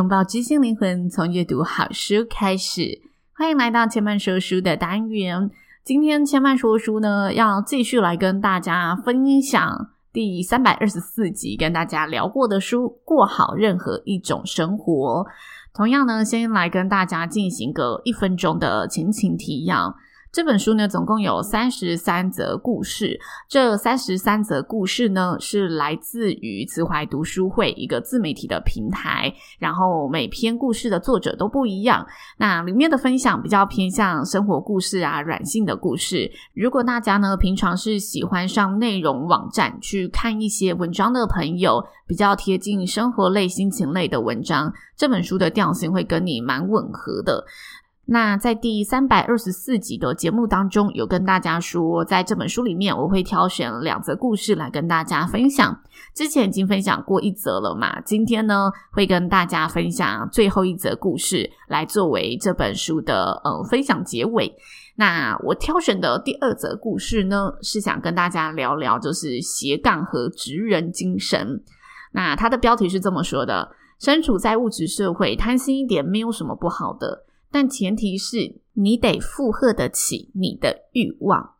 擁抱知心靈魂，從閱讀好書開始。歡迎來到千嫚說書的單元。今天千嫚說書呢，要繼續來跟大家分享第三百二十四集，跟大家聊過的書《過好任何一種生活》。同樣呢，先來跟大家進行個一分鐘的前情提要。這本書呢，總共有三十三則故事。這三十三則故事呢，是來自於慈懷讀書會一個自媒體的平台。然後每篇故事的作者都不一樣。那裡面的分享比較偏向生活故事啊、軟性的故事。如果大家呢，平常是喜歡上內容網站去看一些文章的朋友，比較貼近生活類、心情類的文章，這本書的調性會跟你蠻吻合的。那在第三百二十四集的節目當中，有跟大家說，在這本書裡面我會挑選兩則故事來跟大家分享。之前已經分享過一則了嘛，今天呢會跟大家分享最後一則故事，來作為這本書的呃分享結尾。那我挑選的第二則故事呢，是想跟大家聊聊，就是斜槓和職人精神。那它的標題是這麼說的：身處在物質社會，貪心一點沒有什麼不好的。但前提是你得負荷得起你的慾望。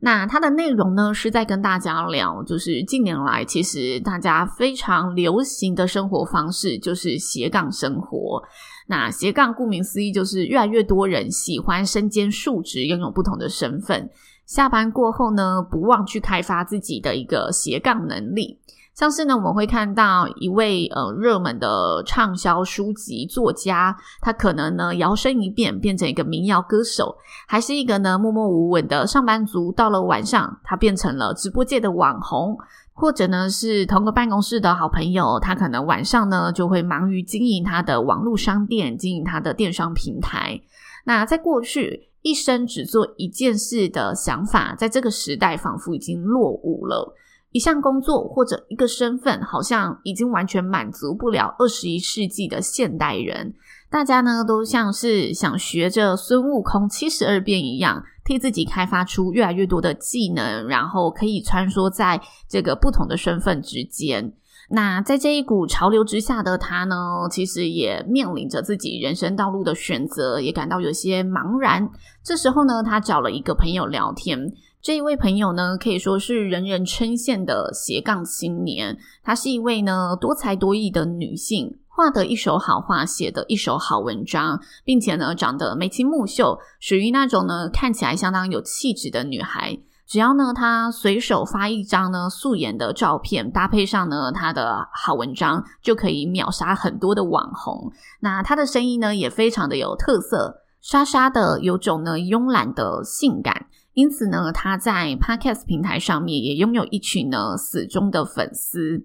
那它的內容呢，是在跟大家聊，就是近年來其實大家非常流行的生活方式，就是斜槓生活。那斜槓顧名思義，就是越來越多人喜歡身兼數職，擁有不同的身份。下班過後呢，不忘去開發自己的一個斜槓能力。像是呢，我們會看到一位呃熱門的暢銷書籍作家，他可能呢搖身一變變成一個民謠歌手，還是一個呢默默無聞的上班族。到了晚上，他變成了直播界的網紅，或者呢是同個辦公室的好朋友，他可能晚上呢就會忙於經營他的網絡商店，經營他的電商平台。那在過去一生只做一件事的想法，在這個時代仿佛已經落伍了。一項工作或者一個身份，好像已經完全滿足不了二十一世紀的現代人。大家呢，都像是想學着孫悟空七十二變一樣，替自己開發出越來越多的技能，然後可以穿梭在這個不同的身份之間。那在這一股潮流之下的他呢，其實也面臨着自己人生道路的選擇，也感到有些茫然。這時候呢，他找了一個朋友聊天。這一位朋友呢，可以說是人人稱羨的“斜槓青年”。她，是一位呢多才多藝的女性，畫得一手好畫，寫得一手好文章，並且呢長得眉清目秀，屬於那種呢看起來相當有氣質的女孩。只要呢她隨手發一張呢素顏的照片，搭配上呢她的好文章，就可以秒殺很多的網紅。那她的聲音呢也非常的有特色，沙沙的，有種呢慵懶的性感。因此呢，他在 Podcast 平台上面也擁有一群呢死忠的粉絲。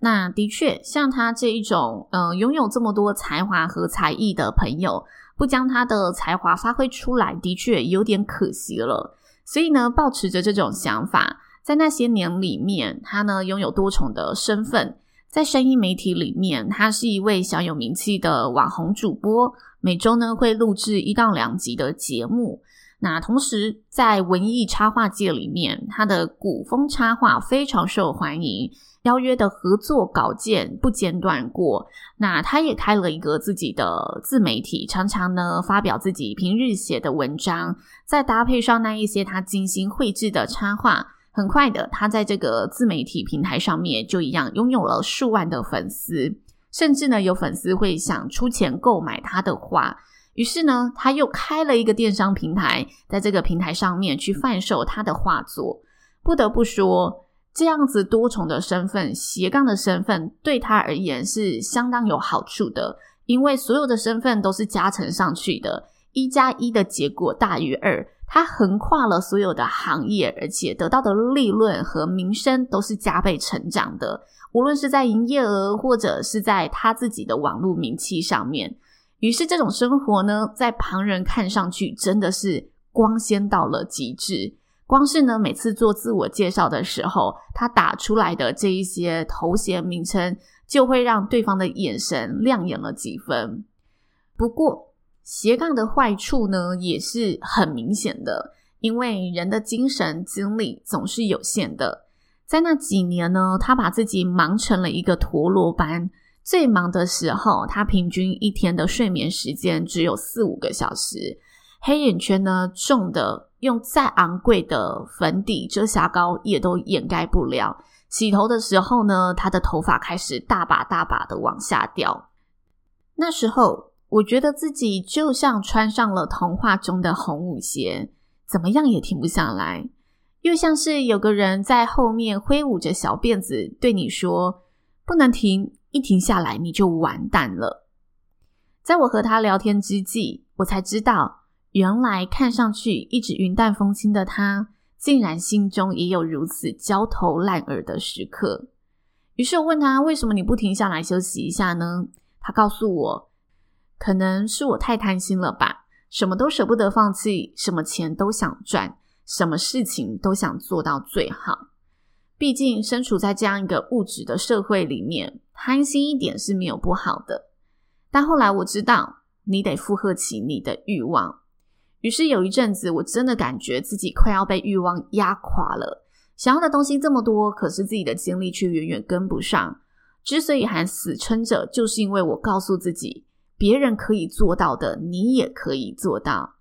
那的確，像他這一種，嗯、呃，擁有這麼多才華和才藝的朋友，不將他的才華發揮出來，的確有點可惜了。所以呢，抱持着這種想法，在那些年裡面，他呢擁有多重的身份，在聲音媒體裡面，他是一位小有名氣的網紅主播，每周呢會錄製一到兩集的節目。那同時，在文藝插畫界裡面，他的古風插畫非常受歡迎，邀約的合作稿件不間斷過。那他也開了一個自己的自媒體，常常呢發表自己平日寫的文章，再搭配上那一些他精心繪製的插畫，很快的，他在這個自媒體平台上面就一樣擁有了數萬的粉絲，甚至呢有粉絲會想出錢購買他的畫。於是呢，他又開了一個電商平台，在這個平台上面去販售他的畫作。不得不說，這樣子多重的身份、斜槓的身份對他而言是相當有好處的，因為所有的身份都是加成上去的，一加一的結果大於二。他橫跨了所有的行業，而且得到的利潤和名聲都是加倍成長的，無論是在營業額或者是在他自己的網絡名氣上面。於是，這種生活呢，在旁人看上去真的是光鮮到了極致。光是呢，每次做自我介紹的時候，他打出來的這一些頭銜名稱，就會讓對方的眼神亮眼了幾分。不過，斜槓的壞處呢，也是很明顯的，因為人的精神精力總是有限的。在那幾年呢，他把自己忙成了一個陀螺般。最忙的時候，他平均一天的睡眠時間只有四五個小時，黑眼圈呢，重的用再昂貴的粉底遮瑕膏，也都掩蓋不了。洗頭的時候呢，他的頭髮開始大把大把的往下掉。那時候，我覺得自己就像穿上了童話中的紅舞鞋，怎麼樣也停不下來，又像是有個人在後面揮舞着小辮子對你說：“不能停。”一停下來，你就完蛋了。在我和他聊天之際，我才知道，原來看上去一直雲淡風輕的他，竟然心中也有如此焦頭爛額的時刻。於是，我問他：“為什麼你不停下來休息一下呢？”他告訴我：“可能是我太貪心了吧，什麼都捨不得放棄，什麼錢都想賺，什麼事情都想做到最好。”畢竟身處在這樣一個物質的社會裡面，貪心一點是沒有不好的。但後來我知道，你得負荷起你的慾望。於是有一陣子，我真的感覺自己快要被慾望壓垮了。想要的東西這麼多，可是自己的精力卻遠遠跟不上。之所以還死撐着，就是因為我告訴自己，別人可以做到的，你也可以做到。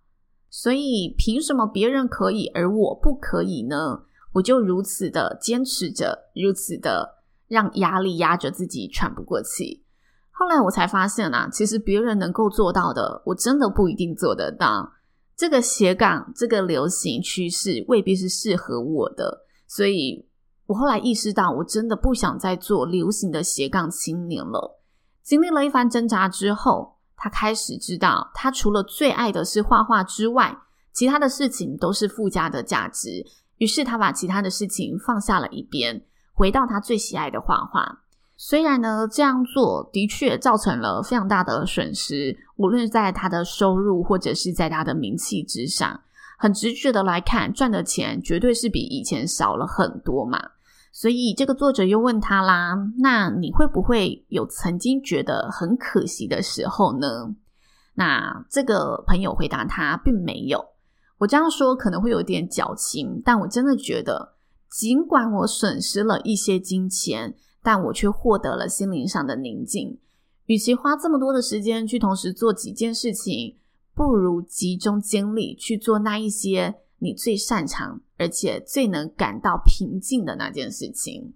所以憑什麼別人可以，而我不可以呢？我就如此的堅持着，如此的讓壓力壓着自己喘不過氣。後來我才發現啊，其實別人能夠做到的，我真的不一定做得到。這個斜槓，這個流行趨勢未必是適合我的。所以，我後來意識到，我真的不想再做流行的斜槓青年了。經歷了一番掙扎之後，他開始知道，他除了最愛的是畫畫之外，其他的事情都是附加的價值。於是他把其他的事情放下了一邊，回到他最喜愛的畫畫。雖然呢，這樣做的確造成了非常大的損失，無論是在他的收入或者是在他的名氣之上。很直覺的來看，賺的錢絕對是比以前少了很多嘛。所以這個作者又問他啦：“那你會不會有曾經覺得很可惜的時候呢？”那這個朋友回答他，並沒有。我這樣說可能會有點矯情，但我真的覺得，儘管我損失了一些金錢，但我卻獲得了心靈上的寧靜。與其花這麼多的時間去同時做幾件事情，不如集中精力去做那一些你最擅長而且最能感到平靜的那件事情，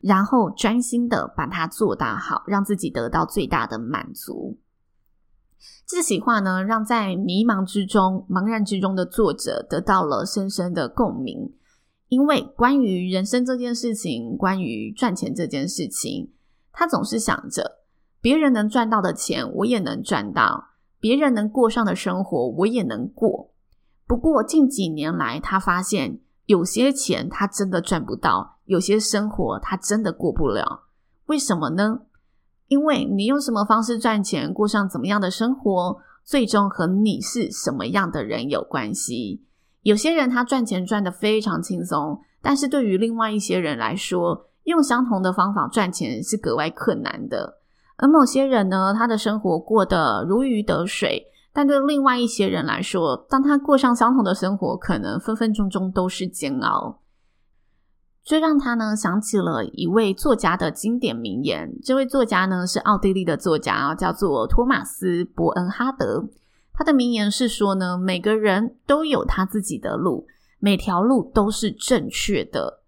然後專心的把它做到好，讓自己得到最大的滿足。這些話呢，讓在迷茫之中、茫然之中的作者得到了深深的共鳴。因為關於人生這件事情，關於賺錢這件事情，他總是想着別人能賺到的錢，我也能賺到；別人能過上的生活，我也能過。不過近幾年來，他發現有些錢他真的賺不到，有些生活他真的過不了。為什麼呢？因為你用什麼方式賺錢，過上怎麼樣的生活，最終和你是什麼樣的人有關係。有些人他賺錢賺得非常輕鬆，但是對於另外一些人來說，用相同的方法賺錢是格外困難的。而某些人呢，他的生活過得如魚得水，但對另外一些人來說，當他過上相同的生活，可能分分鐘鐘都是煎熬。這讓他呢想起了一位作家的經典名言。這位作家呢是奧地利的作家，叫做托馬斯·伯恩哈德。他的名言是說呢：每個人都有他自己的路，每條路都是正確的。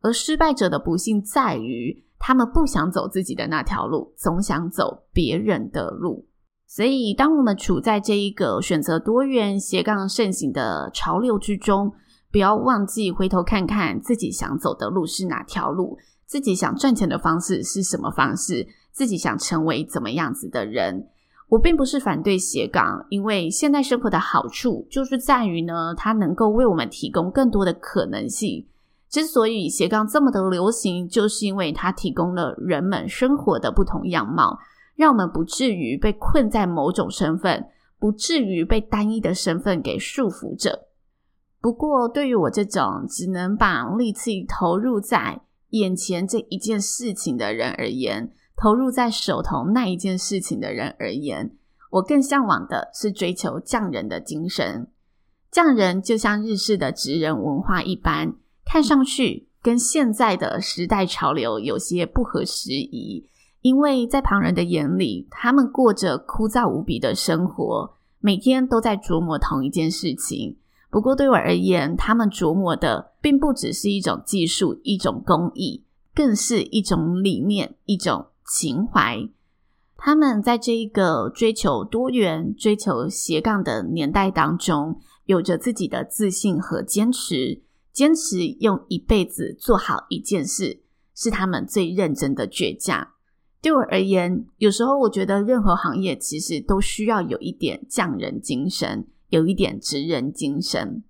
而失敗者的不幸在於，他們不想走自己的那條路，總想走別人的路。所以，當我們處在這一個選擇多元、斜槓盛行的潮流之中。不要忘記回頭看看自己想走的路是哪條路，自己想賺錢的方式是什麼方式，自己想成為怎麼樣子的人。我並不是反對斜槓，因為現代生活的好處就是在於呢，它能夠為我們提供更多的可能性。之所以斜槓這麼的流行，就是因為它提供了人們生活的不同樣貌，讓我們不至於被困在某種身份，不至於被單一的身份給束縛着。不過，對於我這種只能把力氣投入在眼前這一件事情的人而言，投入在手頭那一件事情的人而言，我更向往的是追求匠人的精神。匠人就像日式的職人文化一般，看上去跟現在的時代潮流有些不合時宜，因為在旁人的眼裡，他們過着枯燥無比的生活，每天都在琢磨同一件事情。不過，對我而言，他們琢磨的並不只是一種技術、一種工藝，更是一種理念、一種情懷。他們在這一個追求多元、追求斜槓的年代當中，有着自己的自信和堅持，堅持用一輩子做好一件事，是他們最認真的倔強。對我而言，有時候我覺得任何行業其實都需要有一點匠人精神。有一點職人精神，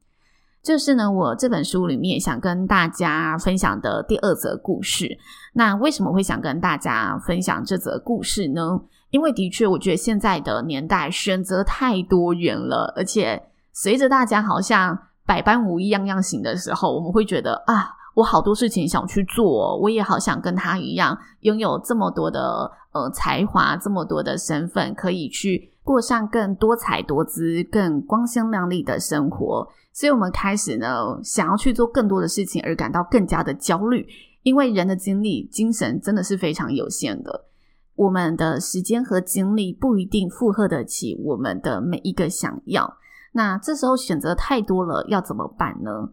這，就是呢，我這本書裡面想跟大家分享的第二則故事。那為什麼會想跟大家分享這則故事呢？因為的確，我覺得現在的年代選擇太多元了，而且隨着大家好像百般無一、樣樣行的時候，我們會覺得啊，我好多事情想去做，哦，我也好想跟他一樣，擁有這麼多的呃才華，這麼多的身份，可以去。過上更多彩多姿、更光鮮亮麗的生活，所以我們開始呢，想要去做更多的事情，而感到更加的焦慮。因為人的精力、精神真的是非常有限的，我們的時間和精力不一定負荷得起我們的每一個想要。那這時候選擇太多了，要怎麼辦呢？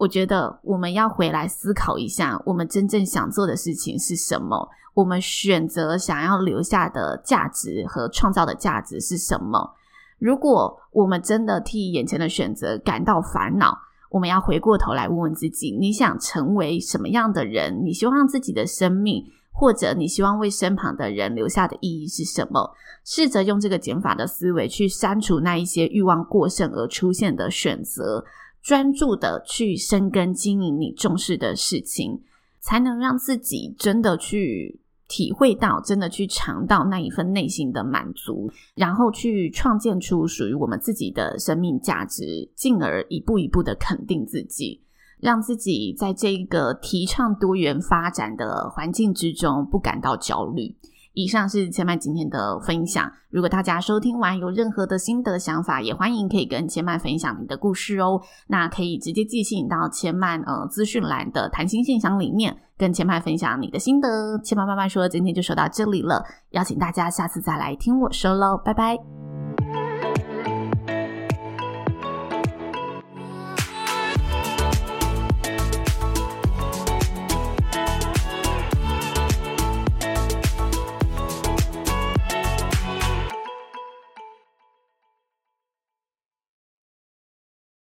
我覺得我們要回來思考一下，我們真正想做的事情是什麼？我們選擇想要留下的價值和創造的價值是什麼？如果我們真的替眼前的選擇感到煩惱，我們要回過頭來問問自己：你想成為什麼樣的人？你希望自己的生命，或者你希望為身旁的人留下的意義是什麼？試着用這個減法的思維去刪除那一些欲望過剩而出現的選擇。專注的去深耕經營你重視的事情，才能讓自己真的去體會到，真的去嘗到那一份內心的滿足，然後去創建出屬於我們自己的生命價值，進而一步一步的肯定自己，讓自己在這一個提倡多元發展的環境之中不感到焦慮。以上是千嫚今天的分享。如果大家收聽完有任何的心得想法，也歡迎可以跟千嫚分享你的故事哦。那可以直接寄信到千嫚呃資訊欄的談心信箱裡面，跟千嫚分享你的心得。千嫚慢慢說，今天就說到這裡了，邀請大家下次再來聽我說嘍，拜拜。